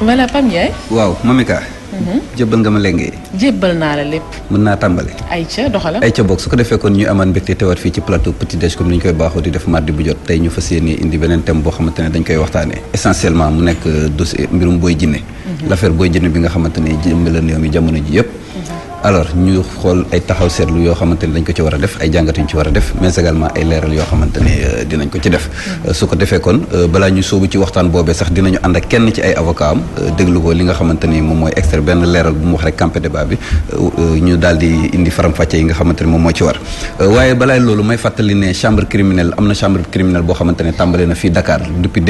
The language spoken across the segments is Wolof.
waaw Mamika. Mhm. jébbal nga ma lenge. jébbal naa la lépp. mën naa tàmbali. ayca doxalam ayca su ko defee kon ñu amaan mbégte teewaat fii ci plateau Petit Déj comme ni koy baaxoo di def mardi bu jot tey ñu fas yéene indi beneen thème boo xamante dañ koy waxtaanee. essentiellement mu nekk euh, dossier mbirum Boy Djiné. Mhm. l'affaire Boy Djiné bi nga xamante ne jëmale na yow mi jamono ji yëpp. alors ñu xool ay taxaw seetlu yoo xamante ni dañ ko ci war a def ay jàngat yu ci war a def mais également ay leeral yoo xamante ni euh, dinañ ko ci def euh, su ko defee kon euh, bala ñu sóobu ci waxtaan boobee sax dinañu ànd ak kenn ci ay avocat am déglu ko li nga xamante ni moom mooy extrait benn leeral bu mu wax rek campé débat bi ñu daal di indi faram-fàcce yi nga xamante ni moom moo ci war waaye balaa loolu may fàttali ne chambre criminelle am na chambre criminelle boo xamante ne tàmbale na fii Dakar depuis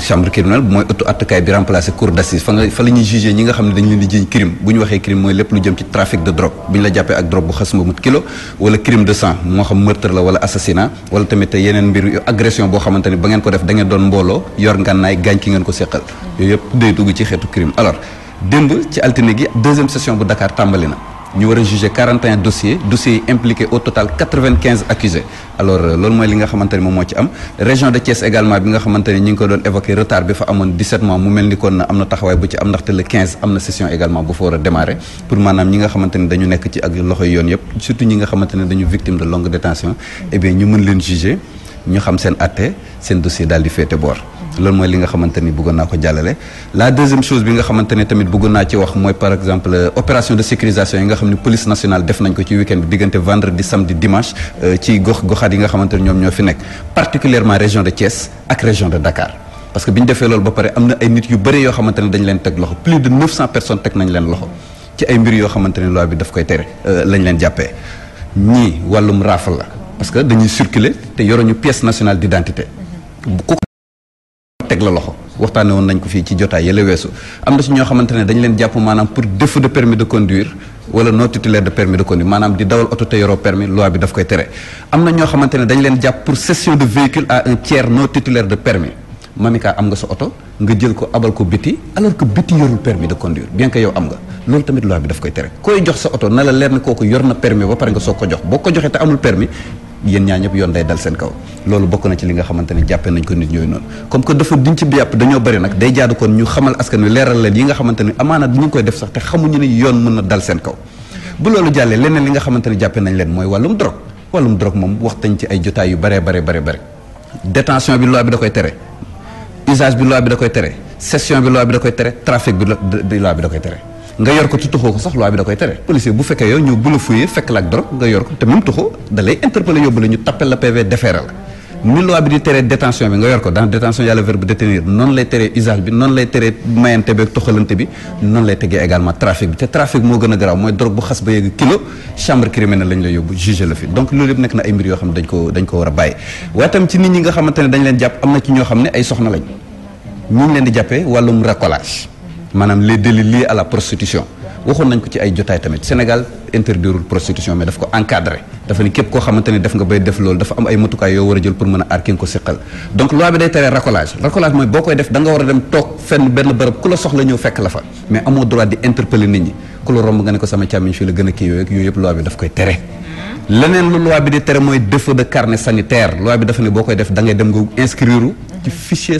chambre criminelle mooy ëttu attakaay bi remplacé cour d'assises fa nga fa la ñuy ñi nga xam ne dañ leen di jiiñ crime bu ñu waxee crime mooy lépp lu jëm ci trafic de drogue bu la jàppee ak drogue bu xas ma kilo wala crime de sang moo xam meurtre la wala assassinat wala tamit yeneen mbir agression boo xamante ba ngeen ko def da doon mbooloo yor ngànnaay gaañ ki ngeen ko seqal yooyu yëpp day dugg ci xeetu crime alors démb ci altine gi na ñu war a jugé 41 dossiers dossiers yi impliqué au total 95 accusés alors euh, loolu mooy li nga xamante moom moo ci am région de Thiès également bi nga xamante ñi ngi ko doon évoqué retard bi fa amoon 17 mois mu mel ni kon am na taxawaay bu ci am ndaxte le 15 am na session également bu fa war a démarré pour maanaam ñi nga xamante ne dañu nekk ci ak loxoy yoon yëpp surtout ñi nga xamante dañu victime de longue eh seen atte seen dossier daal di féete boor loolu mooy li nga xamante ni bëggoon naa ko jàllale la deuxième chose bi nga xamante ne tamit bëggoon naa ci wax mooy par exemple euh, opération de sécurisation yi nga xam ne police nationale def nañ ko ci week bi diggante vendredi samedi dimanche euh, ci gox goxaat yi nga xamante ñoom ñoo fi nekk particulièrement région de Thiès ak région de Dakar parce que bi ñu defee loolu ba pare am na ay nit yu bëri yoo xamante ne leen teg loxo plus de 900 personnes teg nañ leen loxo ne loi bi daf euh, leen jàppee ñii wàllum raafal la parce que dañuy circuler te yoruñu pièce nationale d'identité teg la loxo woon nañ ko fii ci jotaay yële weesu am na si ñoo xamante ne leen jàpp maanaam pour défaut de permis de conduire wala non titulaire de permis de conduire maanaam am nga sa oto nga jël ko abal ko biti alors que biti yorul permis de conduire bien yow am nga loolu tamit loi bi daf koy tere koy jox sa oto na leer ne kooku yor na permis ba pare nga soog ko jox boo ko joxee te amul permis yéen ñaa ñëpp yoon day dal seen kaw loolu bokk na ci li nga xamante ne jàppee nañ ko nit ñooyu noonu comme que dafa diñ bi yàpp dañoo bëri nag day jaadu kon ñu xamal askan wi leeral leen yi nga xamante ne amaana ñu ngi koy def sax te xamuñu ne yoon mën na dal seen kaw bu loolu jàllee leneen li nga xamante ne jàppee nañ leen mooy wàllum drogue wàllum drogue moom waxtañ ci ay jotaay yu bare bare bare détention bi loi bi da koy tere usage bi loi bi da koy tere cession bi loi da koy tere trafic bi loi bi da koy tere nga yor ko te tuxoo ko sax loi bi da koy tere policier bu fekkee yow ñu bu la fuyee fekk la ak drogue nga yor ko te même tuxoo da lay interpeller yóbbu la ñu tappel la PV defeere la ni loi bi di tere détention bi nga yor ko dans détention yàlla verbe détenir noonu lay teree usage bi noonu lay teree mayante bi ak toxalante bi noonu lay tegee également trafic bi te trafic moo gën a garaaw mooy drogue bu xas ba yegg kilo chambre criminelle yóbbu jugé la fi donc loolu yëpp nekk na ay ko dañ ko war a nga xamante ne dañ leen jàpp am na ci ñoo xam ne ay soxna lañ ñu ngi leen di jàppee wàllum racolage maanaam les délits liés à la prostitution waxoon nañ ko ci ay jotaay tamit Sénégal interdirul prostitution mais daf ko encadré dafa ni képp koo xamante ne def nga bay def loolu dafa am ay matukaay yoo war a jël pour mën a aar ki nga ko seqal donc loi bi day tere racolage racolage mooy boo koy def da nga a dem toog fenn benn bërëb ku la soxla ñëw fekk la fa mais amoo droit di interpeller nit ñi ku la romb nga ne ko sama càmmiñ fii la gën a kii yooyu yooyu yëpp loi bi daf koy tere leneen lu loi bi boo koy def da ngay dem nga inscrire ci fichier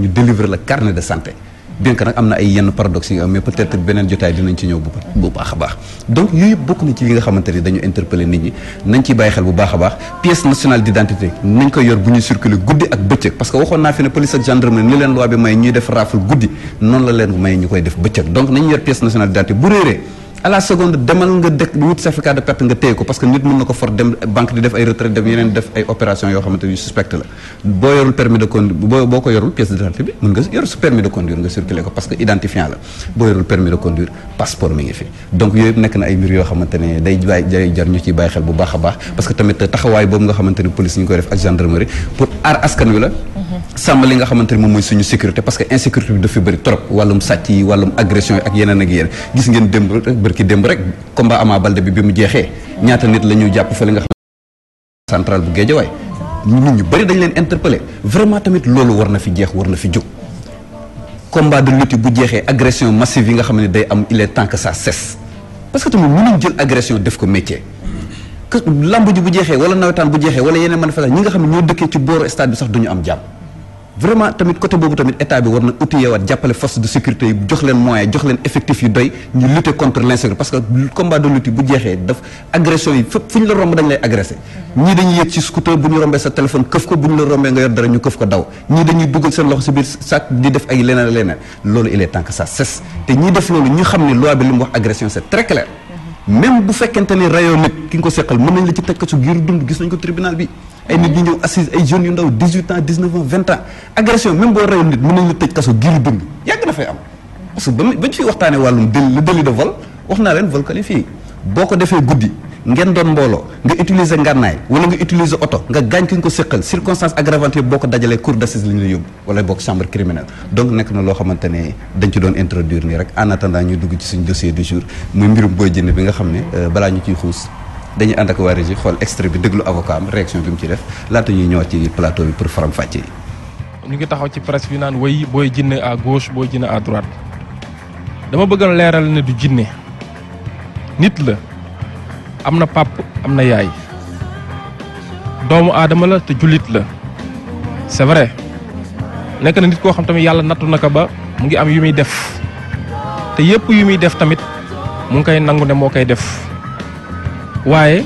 ñu délivrer le carnet de santé bien que nag am na ay yenn paradoxe yi mais peut beneen jotaay dinañ ci ñëw bu baax a baax donc yooyu yëpp bokk na ci li nga xamante ni dañu interpeller nit ñi nañ ciy bàyyi xel bu baax a baax pièce nationale d'identité nañ ko yor bu ñuy circuler guddi ak bëccëg parce que waxoon naa fi ne police ak gendarmerie ni leen loi bi may ñuy def rafle guddi noonu la leen may ñu koy def bëccëg donc nañ yor pièce nationale d'identité bu réeree à seconde demal nga dëkk wut certificat de perte nga téye ko parce que nit mën na ko for dem banque di def ay retraite dem yeneen def ay opération yoo xamante ni suspect la boo yorul permis de conduire boo ko yorul pièce de conduire ko parce que identifiant la a taxawaay boobu nga xamante ni police ñu koy def ak gendarmerie pour aar askan wi la sàmm li nga xamante moom suñu sécurité parce que insécurité bi dafa bëri trop wàllum sàcc yi wàllum bërki démb rek combat Ama Baldé bi bi mu jeexee ñaata nit la ñu jàpp fële nga xam central bu Géejawaay nit ñu bëri dañ leen interpellé vraiment tamit loolu war na fi jeex war na fi jóg combat de bu jeexee agression massive yi nga xam ne day am il est temps que ça cesse parce que tamit mënuñ jël agression def ko métier que lamb ji bu jeexee wala nawetaan bu jeexee wala yeneen manifestation ñi nga xam ne ñoo dëkkee ci booru stade bi sax duñu am jàpp vraiment tamit côté boobu tamit état bi war na outillewaat jàppale force de sécurité yi jox leen moyen jox leen effectif yu doy ñu lutter contre l'insécurité parce que combat de lutte bu jeexee daf agression yi fu ñu la romb dañ lay agressé ñii dañuy yëg ci scooter bu ñu rombee sa téléphone këf ko bu ñu la rombee nga yor dara ñu këf ko daw ñii dañuy dugal seen loxo si biir sac di def ay leneen leneen loolu il est temps que te ñiy def loolu même bu fekkente ni rayoo nit ki nga ko seqal mën nañ la ci teg kaso giiru dund gis nañ ko tribunal bi ay nit ñu ñëw assise ay jeunes yu ndaw 18 ans 19 ans 20 ans agression même boo rayoo nit mën nañ la tëj kaso giiru dund yàgg dafay am parce que ba bañ fiy waxtaanee wàllum délit le de vol wax naa leen vol qualifié boo ko defee guddi ngeen doon mbooloo nga utiliser ngànnaay wala nga utiliser oto nga gaañ ki nga ko séqal circonstance aggravante yi boo ko dajalee cour d'assises la ñu la yóbbu wala bokk chambre criminelle donc nekk na loo xamante ne dañ ci doon introduire nii rek en attendant ñu dugg ci suñ dossier du jour muy mbirum Boy Djiné bi nga xam ne euh, balaa ñu ciy xuus dañuy ànd ak waa régie xool extrait bi déglu avocat am réaction bi mu ci def laata ñuy ñëwaat ci plateau bi pour faram fàcce yi ngi taxaw ci presse naan way Boy Djiné à gauche Boy Djiné à droite dama bëggoon leeral ne du jinne nit la am na pàpp am na yaay doomu aadama la te jullit la c'est vrai nekk na nit koo xam tamit yàlla nattu na ko ba mu ngi am yu muy def te yëpp yu muy def tamit mu ngi koy nangu ne moo koy def waaye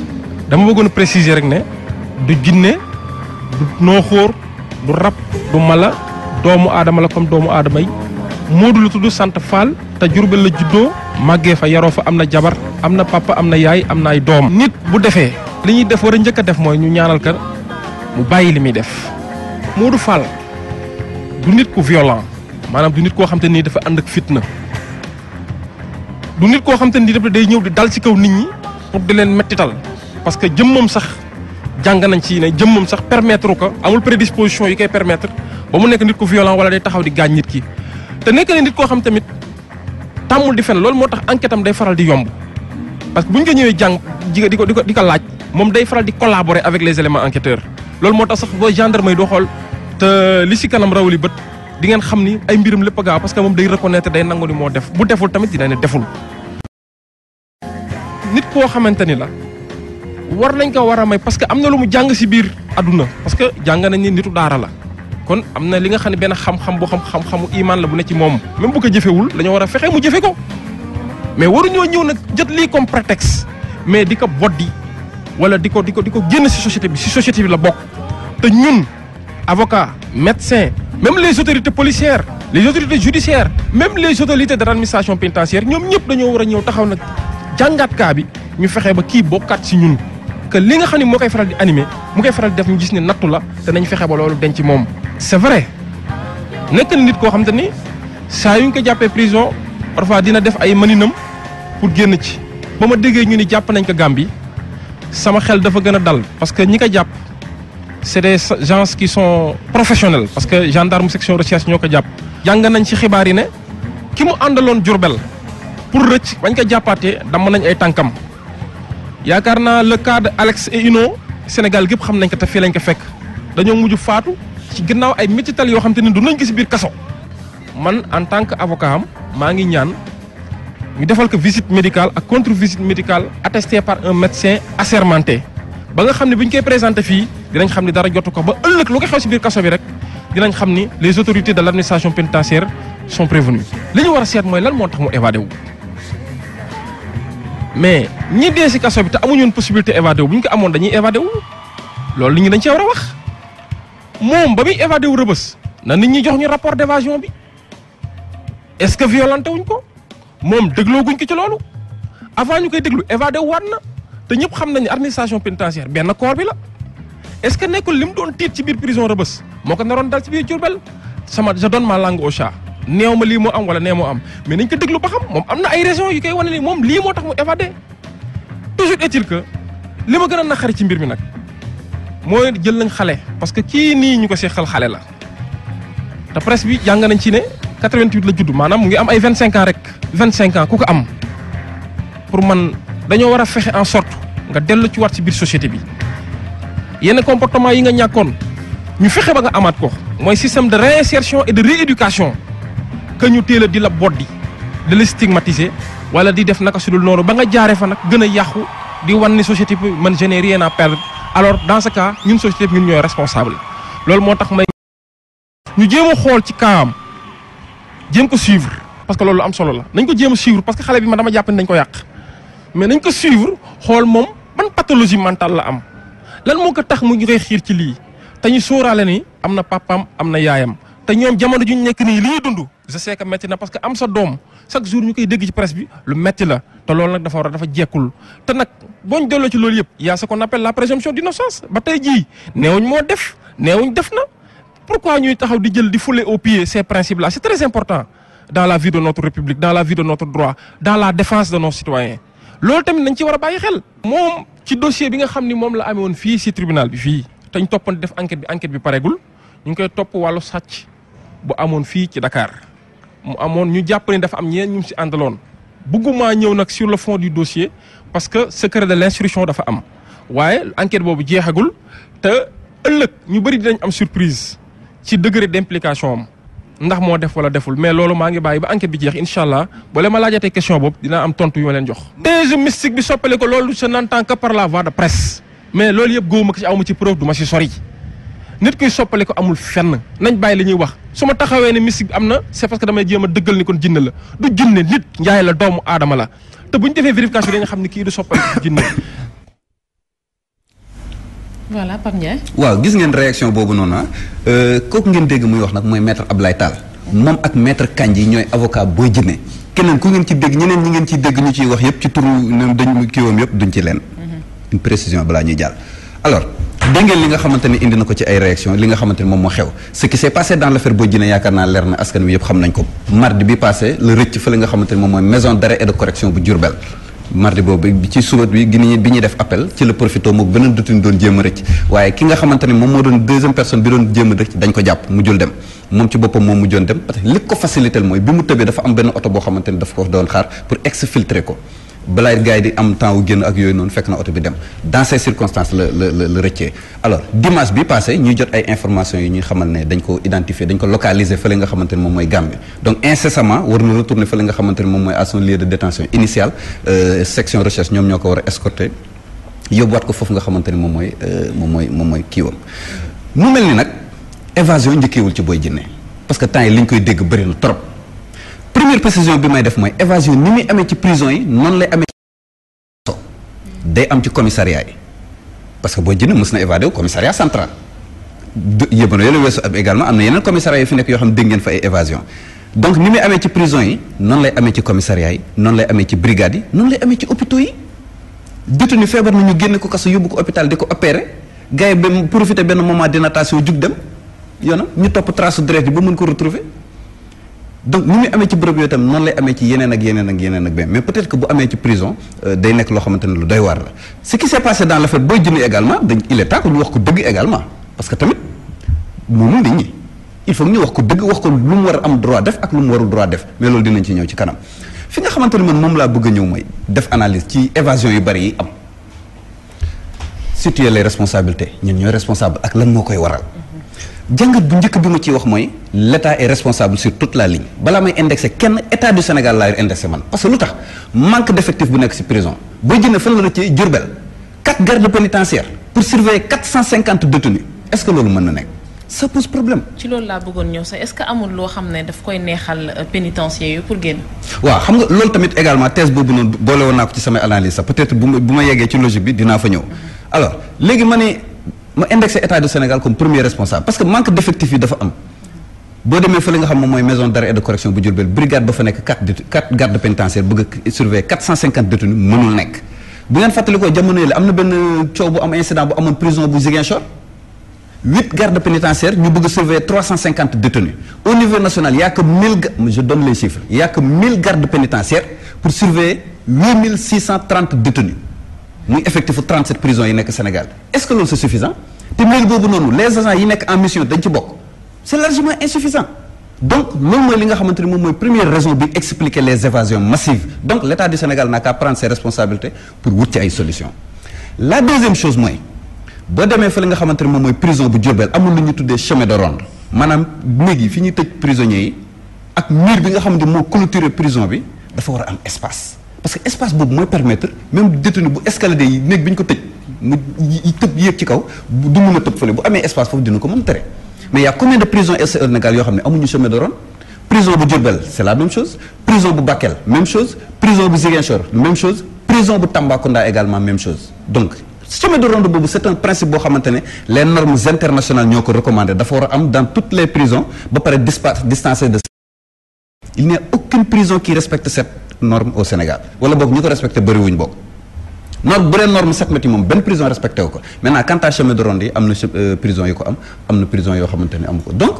dama bëggoon préciser rek ne du jinne du nooxóor du rab du mala doomu aadama la comme doomu aadama yi Moodu la tudd sant Fall te Jurbel la juddoo màggee fa yaroo fa am na jabar am na papa am na yaay am na ay doom. nit bu defee li ñuy def war a njëkk a def mooy ñu ñaanal ka mu bàyyi li muy def Modou fal du nit ku violent maanaam du nit koo xam te nii dafa ànd ak fitna du nit koo xam te nii dafa day ñëw di dal ci kaw nit ñi pour di leen mettital parce que jëmmam sax jàng nañ ci ne jëmmam sax permettre ko amul prédisposition yi kay permettre ba mu nekk nit ku violent wala day taxaw di gaañ nit ki te tàmmul di fen loolu moo tax enquête am day faral di yomb parce que bu ñu ko ñëwee jàng di ko di ko laaj moom day faral di collaborer avec les éléments enquêteurs loolu moo tax sax boo gendarme yi doo xool te li si kanam rawli bët di ngeen xam ni ay mbiram lépp gaaw parce que moom day reconnaître day nangu ni moo def bu deful tamit dina ne deful. nit koo xamante ni la war nañ ko war a may parce que am na lu mu jàng si biir àdduna parce que jàng nañ ni nitu daara la. kon am na li nga xam ne benn xam-xam boo xam xam-xamu iman la bu ne ci moom même bu ko jëfewul dañoo war a fexe mu jëfe ko mais waruñoo ñëw nag jot lii comme prétexte mais di ko boddi wala di ko di ko di ko génn si société bi si société bi la bokk te ñun avocat médecin même les autorités policières les autorités judiciaires même les autorités de l'administration pénitentiaire ñoom ñëpp dañoo war a ñëw taxaw nag jàngaat kaa bi ñu fexe ba kii bokkaat si ñun que li nga xam ne moo koy faral di animé mu koy faral def ñu gis ne nattu la te nañ fexe ba loolu denc moom c'est vrai nekk nit koo xam te ni saa yu ñu ko jàppee prison parfois dina def ay maninam pour génn ci ba ma déggee ñu ni jàpp nañ ko Gambie sama xel dafa gën a dal parce que ñi ko jàpp c'est des gens qui son professionnel parce que gendarme section recherche ñoo ko jàpp jàng nañ ci xibaar yi ne ki mu àndaloon Diourbel pour rëcc bañ ko jàppaatee damm nañ ay tànkam yaakaar naa le cas de Alex et Ino Sénégal gépp xam nañ ko te fii lañ ko fekk dañoo mujj faatu ci ginnaaw ay métital yoo xam te ne du nañ ko si biir kaso man en tant que avocat am maa ngi ñaan ñu defal ko visite médical ak contre visite médicale attestée par un médecin assermenté ba nga xam ne bu ñu koy présenté fii dinañ xam ne dara jotu ko ba ëllëg lu ko xew si biir kaso bi rek dinañ xam ni les autorités de l' administration pénitentiaire sont prévenues li ñu war a seet mooy lan moo tax mu évadé wu. mais ñi dee si kaso bi te amuñu woon possibilité évadé bu ñu ko amoon dañuy évadé loolu li dañ cee war a wax. moom ba muy évadé wu rëbës na nit ñi jox ñu rapport d'évasion bi est-ce que violenté wuñ ko moom dégloo guñ ko ci loolu avant ñu koy déglu évadé wu waat na te ñëpp xam nañu administration pénitentiaire benn corps bi la. est-ce que nekkul li mu doon tiit ci biir prison rëbës moo ko naroon dal ci biir Diourbel sama je donne ma langue au chat neew ma lii moo am wala nee moo am mais nañ ko déglu ba xam moom am na ay raisons yu koy wane ni moom lii moo tax mu évadé toujours est que li ma gën a naqari ci mbir mi nag. mooy jël nañ xale parce que kii nii ñu ko seexal xale la te presse bi jàng nañ ci ne 88 la judd maanaam mu ngi am ay 25 ans rek 25 ans ku ko am pour man dañoo war a fexe en sorte nga dellu ci waat ci biir société bi yenn comportement yi nga ñàkkoon ñu fexe ba nga amaat ko mooy système de réinsertion et de rééducation que ñu teel di la boddi di la stigmatiser wala di def naka sudul noonu ba nga jaaree fa nag gën a yàqu di wan ni société bi man je n'ai rien alors dans ce cas ñun société bi ñun ñooy responsable loolu moo tax may ñu jéem a xool ci kaam jéem ko suivre parce que loolu am solo la nañ ko jéem a suivre parce que xale bi ma dama jàpp ne dañ ko yàq mais nañ ko suivre xool moom ban pathologie mentale la am lan moo ko tax mu ngi koy xiir ci lii te ñu sóoraale ni am na papaam am na yaayam te ñoom jamono ju ñu nekk nii li ñuy dundu je sais que na parce que am sa doom chaque jour ñu koy dégg ci presse bi lu metti la te loolu nag dafa war dafa jekkul te nag booñ delloo ci loolu yëpp y'a ce kon appelle la présomption d'innocence ba tey jii neewuñ moo def neewuñ def na pourquoi ñuy taxaw di jël di fouler au pied ces principes là c'est très important dans la vie de notre république dans la vie de notre droit dans la défence de nos citoyens loolu tamit nañ ci war a bàyyi xel moom ci dossier bi nga xam ni moom la amee woon fii ci bi fii te ñu def enquête bi enquête bi pareegul ñu ngi koy topp wàllu sàcc bu amoon fii ci Dakar mu amoon ñu jàpp ne dafa am ñeen ñu si àndaloon bëgguma ñëw nag sur le fond du dossier parce que secret de l'instruction dafa am waaye enquête boobu jeexagul te ëllëg ñu bari dinañ am surprise ci degré d'implication am ndax moo def wala deful mais loolu maa ngi bàyyi ba enquête bi jeex incha allah ba ma laajatee question boobu dinaa am tontu yu ma leen jox. déjeu mystique bi soppale ko loolu je n'entends par la voie de presse mais loolu yëpp góobu ci aw ma si sori. nit kuy soppali ko amul fenn nañ bàyyi li ñuy wax su ma taxawee ne mystique am na c'est parce que damay jéem a dëggal ni kon jinne la du jinne nit njaay la doomu aadama la te bu ñu defee vérification dañu xam ne kii du soppali jinne voilà Pape Ndiaye. waaw gis ngeen réaction boobu noonu ah euh, kooku ngeen dégg muy wax nag mooy maître Ablaye Tall moom ak maître yi ñooy avocat booy jinne keneen ku ngeen ci dégg ñeneen ñi ngeen ci dégg ñu ciy wax yëpp ci turu dañ kiiwam yëpp duñ ci leen. Mhm. une précision balaa ñuy jàll dégg ngeen li nga xamante indi na ko ci ay réaction li nga xamante moom moo xew ce qui s'est passé dans l'affaire Bodjina yaakaar naa leer na askan wi yëpp xam nañ ko mardi bi passé la rëcc fa li nga xamante moom a xamante ne moom moo doon deuxième personne bi doon jéem a rëcc dañ ko jàpp mu jul dem moom ci boppam moom mu joon dem parce ko facilité mooy bi mu tëbee dafa am benn oto boo xamante ne daf ko doon xaar pour exfiltrer ko balaa gars di am temps wu génn ak yooyu noonu fekk na oto bi dem dans ces circonstances la la la la rëccee alors dimanche bi passé ñuy jot ay information yi ñuy xamal ne dañ ko identifier dañ ko localiser fële nga xamante ne moom mooy Gambie donc incessamment war na retourner fële nga xamante ne moom mooy à son lieu de détention initiale euh, section recherche ñoom ñoo ko war a escorter yóbbuwaat ko foofu nga xamante ne moom mooy euh, moom mooy moom mooy kiiwam mu mel ni nag évasion njëkkeewul ci Boy Djiné parce que temps yi li ñu koy dégg bëri na trop première précision bi may def mooy évasion ni muy amee ci prison yi noonu lay amee ci day am ci commissariat yi parce que boo jënd mës na évadé wu commissariat central yëbano yoola weesu am également am na yeneen commissariat yi fi nekk yoo xam dégg ngeen fa ay évasion donc ni muy amee ci prison yi noonu lay amee ci commissaria yi noon lay amee ci brigade yi noonu lay amee ci hôpitaux yi détenu feebar na ñu génn ko kaso yóbbu ko hôpital di ko opéré gars yi ba profité benn moment de natation jug dem yoona ñu topp trace su deret bi ba mën ko retrouver donc ni muy amee ci bërëb yooyu tam noonu lay amee ci yeneen ak yeneen ak yeneen ak benn mais peut-être que bu euh, nekk loo xamante ne lu doy waar la ce qui s'est passé dans l'affaire Boy Djiné également dañ il est temps que ñu tamit il faut ñu wax ko dëgg wax ko lu mu war a am droit def ak lu mu warul droit def mais loolu dinañ ci ñëw ci kanam fi nga xamante ne man moom laa bëgg a ñëw mooy def analise ci évasion yu bari yi am situer les responsabilités ñun ñooy responsable ak lan moo koy waral jàngat bu njëkk bi ma ciy wax mooy l' état responsable sur toute la ligne balaa may indexé kenn état du Sénégal laay indexé man parce que lu tax manque d' effectif bu nekk si prison boo jëndee fan la la ci Diourbel quatre gardes pénitentiaires pour surveiller quatre cent cinquante détenus est ce loolu mën na nekk ça pose problème. ci loolu laa bëggoon ñëw sax est amul loo xam ne daf koy neexal euh, pénitentiaires yi pour génn. waaw xam nga loolu tamit également thèse bu ma bu ma yeggee ci logique bi dinaa fa ñëw mhm. alors léegi ma indexé état du Sénégal comme premier responsable parce que manque d'effectif yi dafa am boo demee fële nga xam moom mooy maison d'arrêt et de correction bu Diourbel brigade ba fa nekk quatre quatre gardes pénitentiaires bëgg a quatre cent cinquante détenus mënul bëgg a trois cent cinquante détenus au niveau national y mille je donne les mille gardes pénitentiaires pour surveiller huit muy effectif fu 37 prisons yi nekk Sénégal est-ce que loolu c'est suffisant te léegi boobu noonu les agents yi nekk en mission dañ ci bokk c'est largement insuffisant donc loolu mooy li nga xamante ne moom mooy première raison bi expliquer les évasions massives donc l'État du n'a qu'à prendre ses responsabilités ay solutions la deuxième chose mooy boo demee fa li nga xamante ne moom mooy prison bu Diourbel amul lu ñu tuddee chemin de ronde maanaam néeg yi fi ñuy tëj prisonniers yi ak mur bi nga xam ne moo clôturer prison bi dafa war a am espace parce que espace boobu mooy permettre même détenu bu escalader yi néeg bi ñu ko tëj mu tëb yéeg ci kaw du mun a tëb fële bu amee espace foofu dina ko mën tere mais y' a combien de prison e xam ne amuñu chemin de ronde prison bu Diourbel c' est la même chose prison bu Bakel même chose prison bu Ziguinchor même chose prison bu Tambacounda également même chose donc chemin de ronde boobu c' principe boo xamante ne les normes internationales ñoo ko a am dans toutes les prisons ba pare distancé de il n'y a aucune prison qui norme au Sénégal wala boog ñu ko respecté bëriwuñ boog norme bu dee norme Set Meti moom benn prison respecté wu ko maintenant quant à chemin de ronde yi am na euh, prison yu am am na prison yoo xamante ne donc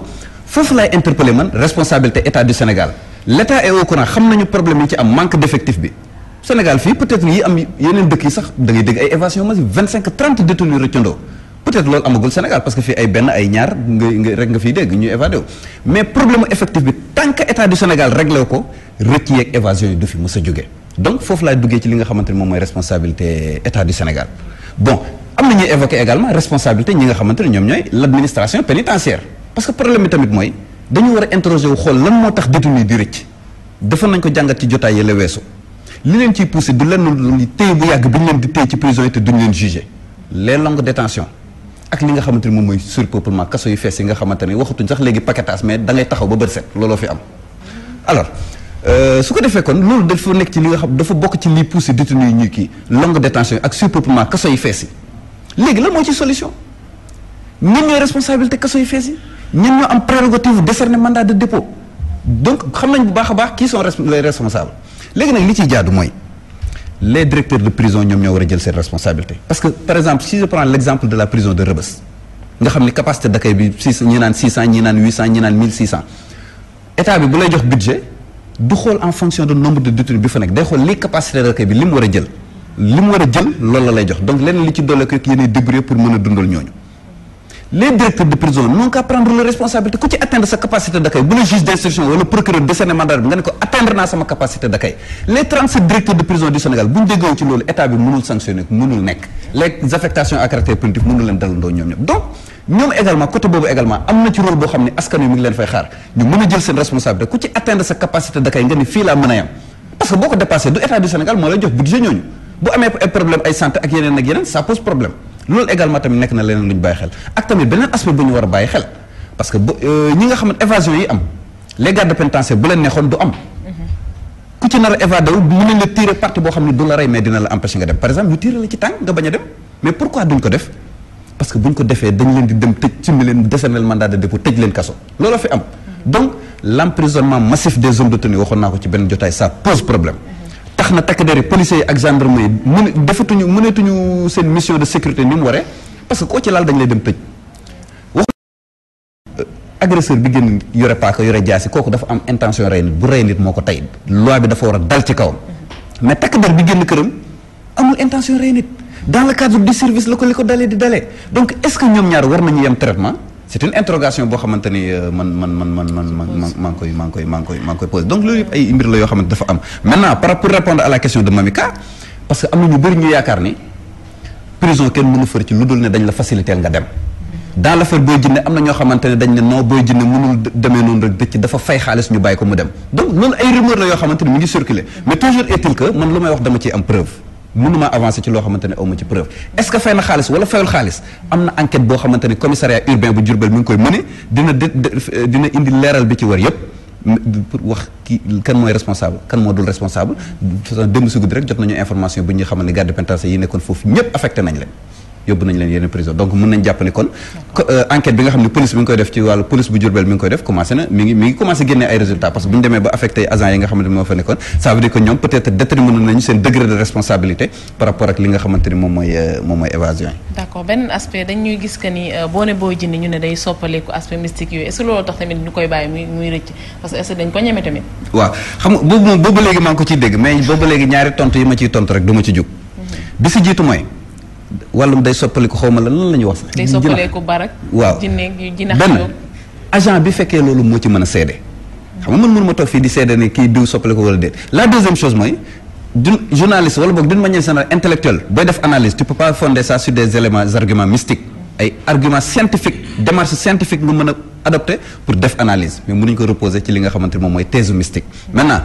foofu laay interpellé man responsabilité état du Sénégal l' état est au courant xam nañu problème yi ci am manque d' effectif bi Sénégal fii peut-être yi am yeneen dëkk yi sax da ngay dégg ay évasion massive vingt cinq trente détenus rëccandoo peut-être loolu amagul Sénégal parce que fii ay benn ay ñaar nga rek nga fiy dégg ñu évadé wu mais problème effectif bi tant état du Sénégal réglé ko rëcc yeeg évasion yi du fi mës a jógee donc foofu laay duggee ci li nga xamante ne moom mooy responsabilité état du Sénégal na ñuy évoqué également ñi nga xamante ne ñoom ñooy l'administration pénitentiaire parce que problème bi tamit mooy dañu war a wu xool lan moo tax détenu di rëcc dafa nañ ko jàngat ci jotaay yi la weesu li leen ciy poussé du lenn lu bu yàgg bi ñu leen di téye te duñ leen jugé ak li nga xamante ni moom mooy surpeuplement kaso yu fees yi nga xamante ne waxatuñ sax léegi paquetage mais da ngay taxaw ba bët set looloo fi am alors euh, su ko defee kon loolu dafa nekk ci li nga xam dafa bokk ci liy poussé détenu yi ñuy kii longue détention ak surpeuplement kaso yu fees yi léegi lan mooy ci solution ñun ñooy responsabilité kaso yu fees yi ñun ñoo am prérogative man daa de dépôt donc xam nañ bu baax a baax qui sont les responsables léegi nag li ciy jaadu mooy les directeurs de prison ñoom ñoo war a jël seen responsabilité parce que par exemple si je prends l' de la prison de Rebeuss nga xam ni capacité d'accueil bi ñi naan ñi naan huit cent ñi naan état bi bu lay jox budget du xool en fonction de nombre de détenus bi fa nekk day xool li capacité d'accueil bi li mu war a jël li mu war a jël loolu la lay jox donc leneen li ci dolli ko yéen a débrouiller pour mën a dundal ñooñu les directeurs de prison n'ont qu'à prendre leur responsabilité ku ci atteindre sa capacité d'accueil bu la juge d'instruction wala procureur décerné mandat bi nga ne ko atteindre naa sama capacité d'accueil les 37 directeurs de prison du Sénégal bu ñu ci loolu état bi mënul sanctionner mënul nekk les affectations à caractère punitif mënul leen dalandoo ñoom ñëpp donc ñoom également côté boobu également am na ci rôle boo xam ne askan wi loolu également tamit nekk na leneen lu bàyyi xel ak tamit beneen aspect bu ñu war a bàyyi xel parce que bu euh, ñi nga xamante évasion yi am les gardes bu leen neexoon du am. Mm-hmm. ku ci nar a évadé wu la tirer parti boo xam ne du la rey mais dina la empêcher nga def parce que buñ ko defee dañ leen di dem tëj summi leen décerner le de dépôt tëj leen kaso looloo fi am. Mm-hmm. donc l' emprisonnement massif des hommes de tenue waxoon naa ko ci benn jotaay ça pose problème. tax na takk der yi policiers yi ak gendarmerie yi mun defatuñu de sécurité ni mu waree parce que koo ci laal dañ lay dem tëj wax euh, agresseur bi génn yore paaka yore jaasi kooku dafa am intention rey nit bu rey nit moo ko tey loi bi dafa war a dal ci kawam mais takk der bi génn këram amul intention rey nit dans le cadre service la ko li ko dalee di dalee donc est-ce que ñoom ñaar war nañu yem traitement c'est une interrogation boo xamante ni euh, man man man man man man maa ngi koy maa ngi koy maa koy maa koy posé donc loolu yëpp ay mbir la yoo xamante dafa am dañ la faciliter nga dem dans l'affaire Boy Djiné am na ñoo xamante ne dañ ne non Boy Djiné mënul demee noonu rek dëcc dafa fay xaalis ñu bàyyi ko mu dem donc loolu ay rumeur la yoo xamante ni mu ngi circuler mais toujours est-il man lu may wax dama ciy am preuve mënuma avancer ci loo xamante ne awma ci preuve est-ce que na xaalis wala fayul xaalis am na enquête boo xamante ne commissariat urbain bu Diourbel mi ngi koy mëne dina euh, dina indi leeral bi ci war yépp pour wax ki kan mooy responsable kan moo dul responsable démb si guddi rek jot nañu information bu ñuy xamal ne garde pénitentiaire yi nekkoon foofu ñëpp affecté nañ leen yóbbu nañ leen yeneen prison donc mën nañ jàpp ne kon euh, enquête bi nga xam ne police mi ngi koy def ci wàllu police bu Diourbel mi ngi koy def commencé na mi ngi mi ngi commencé génne ay résultats parce que bu ñu demee ba affecté agents yi nga xamante moom mooy euh, moom mooy évasion yi d'accord benn aspect dañuy gis que ni euh, boo ne booy jënd ñu ne day soppaleeku aspect mystique yooyu est loolu tax tamit ñu koy bàyyi muy muy rëcc parce que est dañ ko ñeme tamit wàllum day soppaliku xaw ma lan lan la ñuy wax. day soppaliku barak. waaw benn agent bi fekkee loolu moo ci mën a seede. xam nga man mënuma toog fii di seede ne kii diw soppaliku wala déet la deuxième chose mooy. d'une journaliste wala boog d'une manière générale intellectuelle booy def analyse tu peux pas fonder ça sur des éléments des arguments mystiques ay arguments scientifiques démarche scientifique nga mën a adopté pour def analyse mais mënuñ ko reposer ci li nga xamante ne moom mooy thèse mystique maintenant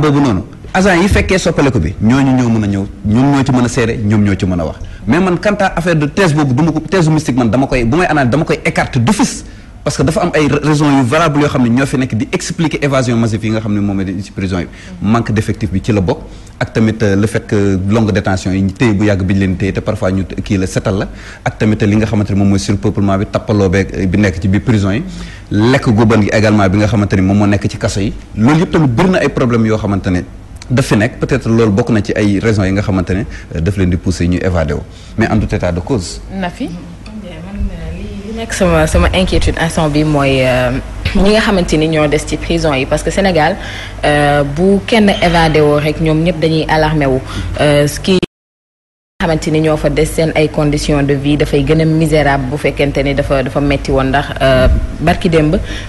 boobu noonu agent yi fekkee soppaleku bi ñooñu ñoo mën a ñëw ñoom ñoo ci mën a seere ñoom ñoo ci mën a wax mais man quant à affaire de boobu du ko thèse mystique man dama koy bu may analyse dama koy écarter d'office parce que dafa am ay raisons yu valable yoo xam ne ñoo fi nekk di expliquer évasion massive yi nga xam ne moom ci prison yi manque d'effectif bi ci la bokk ak euh, leen te parfois ñu tamit li nga xamante ne moom mooy surpeuplement bi tappaloo beeg euh, bi nekk ci biir prison yi lekk guban gi également bi nga xamante ni moom moo nekk ci kaso yi loolu yëpp tamit na ay problèmes yoo xamante ne daf fi nekk peut-être loolu bokk na ci ay raisons yi nga xamante ne euh, daf leen di pousser ñu évadé mais en tout état de cause. na fi. li nekk sama sama inquiétude instant bi mooy. Euh, ñi nga xamante ni ñoo des ci prison yi parce que Sénégal euh, bu kenn évadé woo rek ñoom ñëpp dañuy alarmé wu. xamante ni ñoo fa des seen ay conditions de vie dafay gën a misérable bu fekkente ni dafa dafa metti woon euh,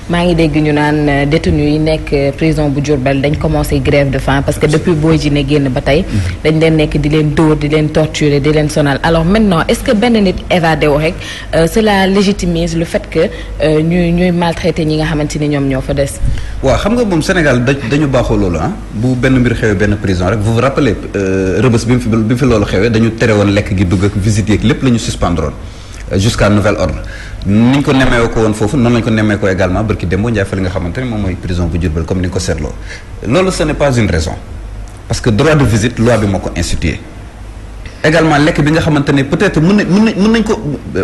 maa ngi dégg ñu naan euh, détenu yi nekk euh, prison bu Diourbel dañ commencé grève de faim parce que depuis Boy Djiné génn ba tey mhm. dañ leen nekk di leen dóor di leen torturer di leen sonal alors maintenant est-ce que benn nit évadé wu rek cela légitimise le fait que ñuy ñuy maltraité ñi nga xamante ni ñoom ñoo fa des waaw xam nga moom Sénégal dañu baaxoo loolu ah bu benn mbir xewee benn prison rek vous vous rappelez rëbës bi mu fi loolu xewee tere woon lekk gi dugg ak visite yeeg lépp la ñu suspendroon euh, jusqu'à nouvel ordre ni ñu ko nemmee ko woon foofu noonu la ko nemmee ko également barki que droit de visite loi bi moo ko institué également lekk bi nga xamante ne peut-être mën nañ mën nañ mën nañ ko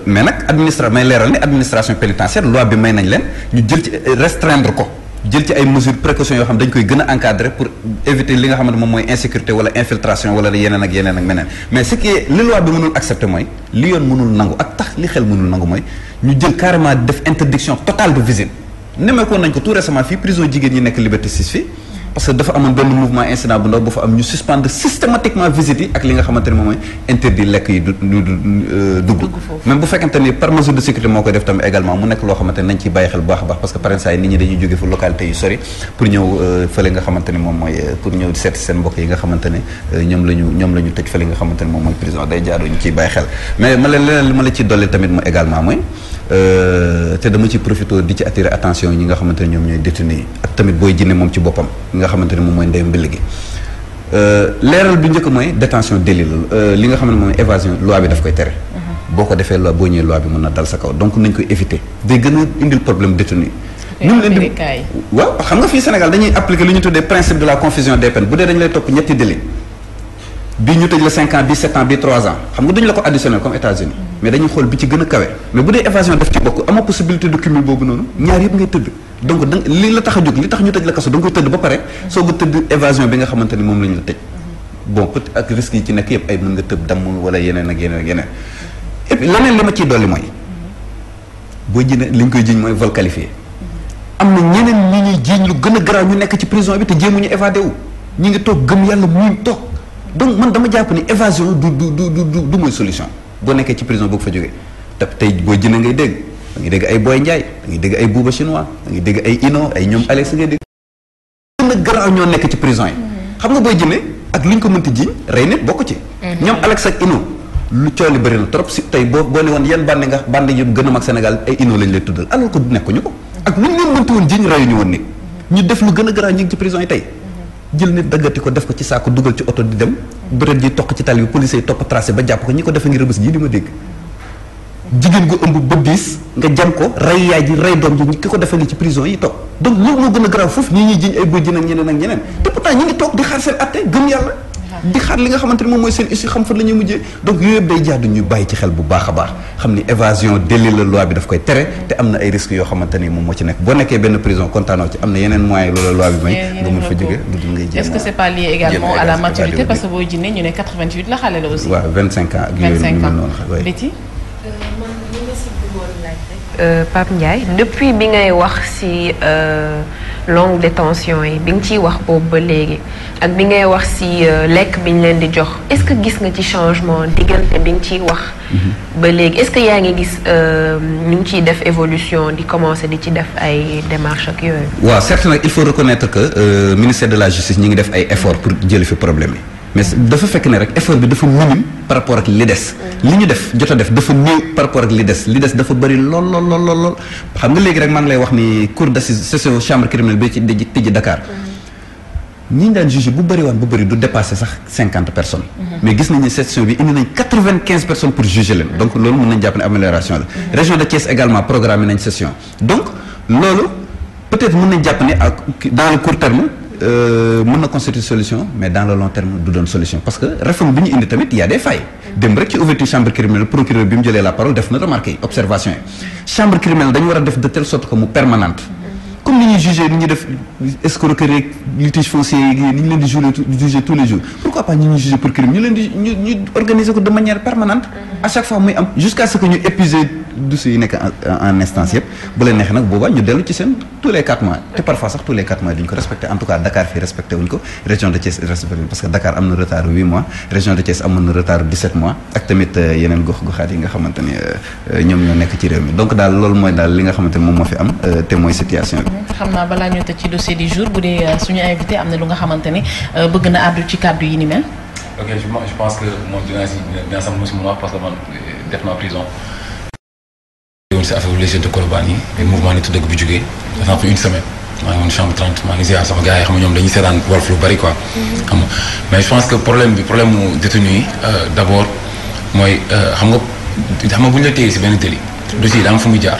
mais nag administra may leeral ne administration pénitentiaire loi bi may nañ leen ñu jël ci euh, restreindre ko jël ci ay mesures précautions yoo xam dañ koy gën a encadrer pour éviter li nga xamante moom mooy insécurité wala infiltration wala yeneen ak yeneen ak meneen mais ce qui est bi mënul accepter mooy li yoon mënul nangu ak tax li xel mënul nangu mooy ñu jël carrément def interdiction total de visite nemmeekoon nañ ko tout récemment fii prison jigéen ñi nekk Liberté 6 fii parce que dafa amoon benn mouvement incident bu ndaw bu fa am ñu suspendre systématiquement visite yi ak li nga xamante ne moom mooy interdit lekk yi du du euh, dugg même bu fekkente ni par mesure de sécurité moo koy def tamit également loo xamante ne nañ ciy bàyyi xel bu baax a baax parce que par exemple nit ñi euh, nga xamante ne moom mooy euh, pour ñëw seeti seen mbokk yi nga xamante ñoom la ñu ñoom la ñu tëj fële nga xamante ne moom mooy prison day jaaroo ñu bàyyi xel mais ma leen leneen li ma la ciy dolli tamit mu également mooy Euh, te dama ci profité di ci attirer attention ñi nga xamante ne ñoom ñooy détenu yi ak tamit booy jinne moom ci boppam nga xamante ne moom mooy ndey mbill gi euh, leeral bi njëkk mooy détention délit la euh, li nga xam ne mooy évasion loi bi daf koy tere mhm. boo ko defee loi boo ñëwee loi bi mën na dal sa kaw donc nañ koy éviter day gën a indil problème détenu yi ñu ngi leen di waaw xam nga fii Sénégal dañuy appliquer li ñu tuddee principe de la confusion des peines bi ñu tëj la 5 ans bii 7 ans bii 3 ans xam nga duñu la ko additionné comme États-Unis mais dañuy xool bi ci gën a kawe mais bu dee évasion daf ci bokk yëpp ngay tëdd a jóg li tax ñu tëj la la ma ciy dolli boo jine li koy jiñ mooy vol qualifié am na ñeneen ñi ñuy jiñ lu gën a garaaw ñu nekk ci prison bi te jéemuñu évadé wu ñu ngi toog gëm yàlla muñ toog donc man dama jàpp ni évasion du du du du du mooy solution boo nekkee ci prison boo ko fa jógee te tey booy jënd ngay dégg da dégg ay Boy Ndiaye da ngay dégg ay Bouba Chinois da ngay dégg ay Ino ay ñoom Alex ngay dégg. gën a garaaw ñoo nekk ci prison yi. Mm-hmm. xam nga booy jëndee ak luñ ko mënti jiiñ rey nit bokk ci. Mm-hmm. ñoom Alex ak Ino lu coono bëri na trop si tey boo boo ne woon yan bandi nga bandi yu gën a mag Sénégal ay Ino lañ lay tuddal alors que nekkuñu ko. ak luñ leen mënti woon mm-hmm. a ngi ci prison yi jël nit daggati ko def ko ci saako dugal ci oto di dem bëreet ji toq ci tali bi police yi topp tracé ba jàpp ko ñi ko defee ngi rëbës ji di ma dégg jigéen gu ëmb ba diis nga jam ko rey yaay ji rey doom ji ñi ki ko defee ngi ci prison yi toog donc loolu moo gën a grave foofu ñii ñuy jiñ ay bëj ji nag ñeneen ak ñeneen te ñi ngi toog di xaar seen atte gëm yàlla di xaar li nga xamante ne moom mooy seen issue xam fan la ñuy donc yooyu yëpp day jaadu ñu bàyyi ci xel bu baax a baax xam ni évasion délit la loi bi koy tere am na ay risques yoo xamante ni moom moo ci nekk boo nekkee benn prison kontaanoo ci am na yeneen moyens bi may nga mun fa jóge lu ngay jéem est-ce que c'est pas lié depuis bi ngay wax si euh, longue détention yi bi nga ciy wax boobu ba léegi ak bi ngay wax ci euh, lekk bi ñu leen di jox est-ce que gis nga ci changement diggante bi nga ciy wax. Mhm. ba léegi est-ce que yaa ngi gis ñu euh, ngi ciy def évolution di commencer di ci def ay démarches ak yooyu. waaw certes nag il faut reconnaître que euh, ministère de la justice ñu ngi def ay efforts pour jëli fi problème yi. mais dafa fekk ne rek effort bi dafa minime par rapport ak li des. li ñu def jot a def dafa néew par rapport ak li des li des dafa bëri lool lool lool lool xam nga léegi rek maa ngi lay wax ni cour d'assises session chambre criminelle bi ci di tijji Dakar. ñi ñu daan jugé bu bëri woon bu bëri du dépassé sax cinquante personnes. mais gis nañu ne session bi indi nañ quatre vingt quinze personnes pour juger leen. donc loolu mën nañ jàpp ne amélioration la. région de Thiès également programmé nañ session donc loolu peut-être mën nañ jàpp ne ak dans le court terme. Euh, mën na constituer solution mais dans le long terme du doon solution parce que réforme bi ñu indi tamit y a des failles dem rek ci ouverture chambre criminelle procureur bi mu jëlee la parole def na remarqué observation yi chambre criminelle dañu war a def de telle sorte que mu permanente comme ni ñuy jugé ni ñuy def escroquerie rek litige foncier yi ni ñu leen di jugé tous les jours pourquoi pas ñu ñuy jugé pour crime ñu leen di ñu ñu organiser ko de manière permanente à chaque fois muy am jusqu'à ce que ñu épuiser dossiers yi nekk en instance yëpp bu leen neexee nag boobaa ñu dellu ci seen tous les quatre mois te parfois sax tous les quatre mois duñ ko respecté en tout cas Dakar fii respecté wuñ ko région de Thiès respecté parce que euh, nga xamante ni euh, euh, nekk ci réew mi donc daal loolu mooy daal li nga xam naa balaa ñuy te ci dossier du jour bu dee euh, suñu invité am na lu nga xamante ne euh, bëgg na àddu ci kàddu yi ni mel. ok je je pense que moom dinaa que man def naa prison. yoon si affaire les jeunes de Colobane bi jógee. def naa ko une semaine. maa ñoom dañuy seetaan Walf lu bari quoi. Mhm. mais je pense que problème bi problème mu détenu euh, d' abord mooy xam nga xam nga bu ñu la téye si benn délit dossier daa am fu mu jaar.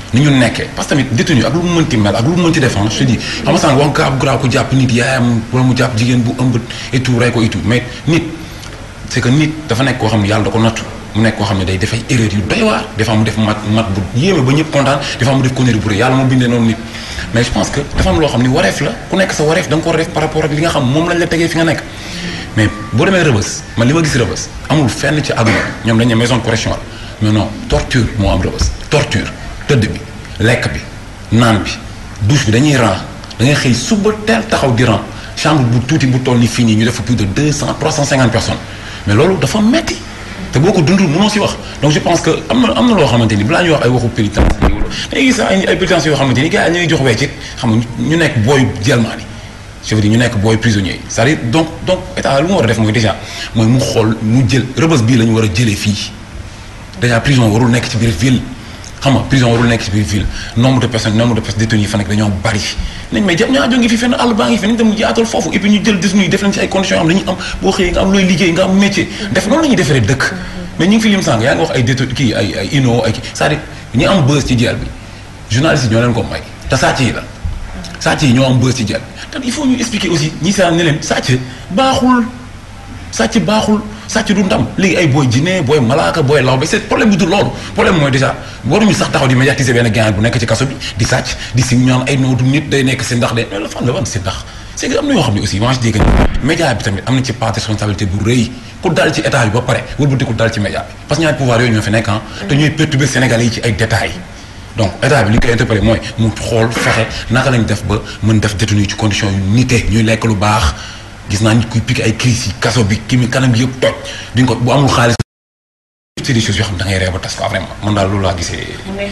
ni ñu nekkee parce que tamit détenu ak lu mu mënti mel ak lu nit yaayam nit dafa nekk koo xam ne yàlla da ko nattu mu nekk koo xam ne day defay erreur yu doy waar des fois mu def mat bu yéeme ba ñëpp kontaan des mu def connerie bu rëy yàlla moo bindee noonu nit mais je pense que dafa am loo xam ni wareef la ku nekk sa wareef da nga ko a def par rapport ak li nga xam moom lañ tegee fi nga nekk mais boo demee rëbës man li ma gis rëbës amul fenn ci àdduna ñoom dañ ne maison de correction mais non torture moo am rëbës tëdd bi lekk bi naan bi douche bi dañuy ran da ngay xëy suba teel taxaw di ran chambre bu tuuti bu toll ni fii nii ñu def plus de deux cent trois cent cinquante personnes mais loolu dafa metti te boo ko dundul mënoo si wax donc je pense que am na am na loo xamante ni balaa ñuy wax ay waxu pénitence dañuy gis ay ay yoo xamante ni gars yi ñu ngi jox weccit xam nga ñu nekk booy jelmaani je veux ñu nekk booy prisonnier yi cest à donc donc état lu m war a def mooy mooy mu xool mu jël rëbës bii la ñu war a jëlee fii déjà prison warul nekk ci biir ville xam nga prison warul nekk si biir ville nombre de personnes nekk may jàpp ñaa jóngi fenn àll baa ngi fi nañ dem yi si ay conditions yoo xam am boo xëyee nga am looy liggéey nga am métier def noonu la ñuy dëkk mais ñu ngi fi lim yaa ngi wax ay détenu kii ay ino ay kii c'est-à-dire am buzz ci jeel bi journaliste ñoo leen ko may te sàcc yi la sàcc yi ñoo am buzz ci jeel bi te il faut ñu expliquer aussi ñi saa ne leen sàcc baaxul sàcc baaxul sàcc du ndam léegi ay booy jinne booy malaaka booy lawbe c'est problème bi du loolu problème mooy déjà waruñu sax taxaw di médiatiser benn gàncax bu nekk ci kaso bi di sàcc di si de média bi tamit am na ci part responsabilité bu rëy ku dal ci état bi ba pare wëlbati ku dal ci média bi parce que ñaari pouvoir yooyu ñoo fi ah. mm-hmm. te ñooy perturber sénégalais yi ci ay détails donc état bi li koy interpellé mooy mu xool fexe naka lañ def ba mën def ci condition yu nite ñuy lu baax gis naa nit kuy piqué ay crise yi kaso bi ki mi kanam bi yëpp toj ko bu amul xaalis. c'est des xam ne da ngay ree ba tas ko ah, vraiment man daal loolu laa gisee. mu nekk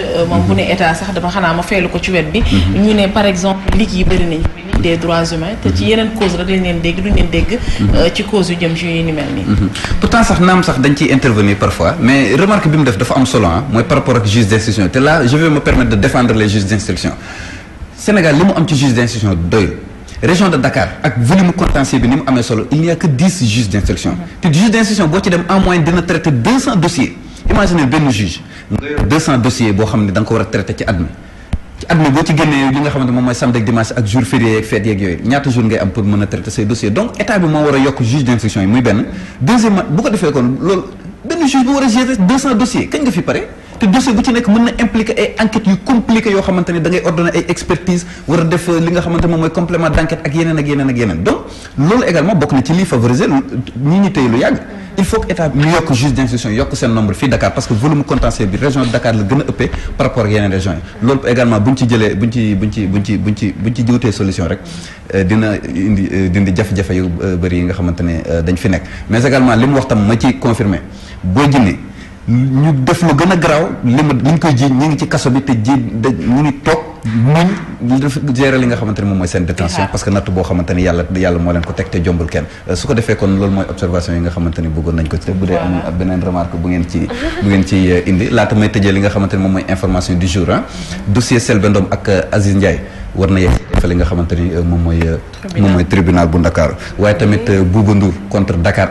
euh, ne état sax dama xanaa ma feelu ko ci wet bi. Mhm. ñu ne par exemple ligue yi bëri nañu. ligue te ci mhm. yeneen cause rek lañ leen dégg duñ leen dégg. Mhm. Euh, ci cause yu jëm ci yu ni mel nii. pourtant sax naam sax dañ ciy intervenir parfois mais remarque bi mu def dafa am solo ah, mooy par rapport ak juge d'instruction te là je vais me permettre de défendre les juges d'instruction mu am ci juge d'instruction doy. région de Dakar ak volume contentieux bi ni mu amee solo il n'y a que dix juges d'instruction mm-hmm. te juge d'instruction boo ci dem en moyenne dina traiter deux cents dossiers imaginez benn juge deux cents dossiers boo xam ne da ko war a traiter ci at ci at boo ci génnee li nga xamante moom mooy samedi ak ak jour férié yooyu ñaata jour ngay am pour mën a traiter say dossiers donc état bi moo war a yokk juge d'instruction yi muy benn deuxièmement te dossier bu ci nekk mën na impliquer ay enquêtes yu compliquées yoo xamante ne da ngay ordonner ay expertise war a def euh, li nga xamante moom mooy complément d'enquête ak yeneen ak yeneen ak yeneen donc loolu également bokk na ci liy favoriser ñi ñu tey lu yàgg il faut que état bi yokk seen nombre fii Dakar parce que volume contentieux bi région de Dakar la gën a ëppee par rapport yeneen régions yi loolu également buñ ci jëlee buñ ci ci buñ ci ci buñ ci euh, indi euh, dindi jafe-jafe bëri yi nga xamante ne dañ fi nekk mais également li mu wax tam ma ci confirmé boo jinne ñu def lu gën a garaaw li li ñu ngi ci kaso bi te ji ñu ngi li nga xamante ne moom mooy seen détention ah. parce que natt boo xamante ni yàlla yàlla moo leen ko teg te jombul kenn euh, su ko defee kon loolu mooy observation yi nga xamante ni nañ ko ci bu dee am beneen remarque bu ngeen ci euh, indi laata may tëjee li nga xamante ni moom mooy information du jour ah dossier Selbé Ndom ak euh, Aziz Ndiaye war na yegg fa li nga xamante ni moom mooy moom mooy tribunal bu Ndakaaru waaye tamit Bouba Ndour contre Dakar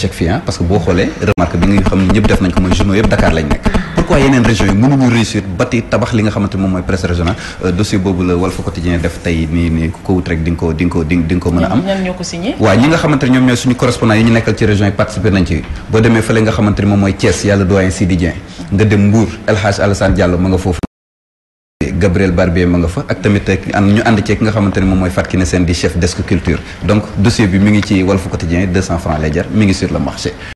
échec fii parce que boo xoolee remarque bi nga xam ne ñëpp def nañ ko mooy journaux yëpp Dakar lañ nekk pourquoi yeneen régions yi mënuñu réussir bati tabax li nga xamante moom mooy presse régionale euh, dossier boobu la Walf Quotidien def tey nii nii ko wut rek di ko di ko di ko mën a am waaw ñi nga xamante ñoom ñooy suñu correspondant yi ñu nekkal ci région yi participer nañ ci boo demee fële nga xamante moom mooy Thiès yàlla Gabriel Barbier ma nga fa ak tamit ñu ànd ceeg nga xamante ne moom mooy Fatkine Sène di chef desk culture donc dossier bi mi ngi ci Walf Quotidien 200 francs lay jar mi ngi sur le marché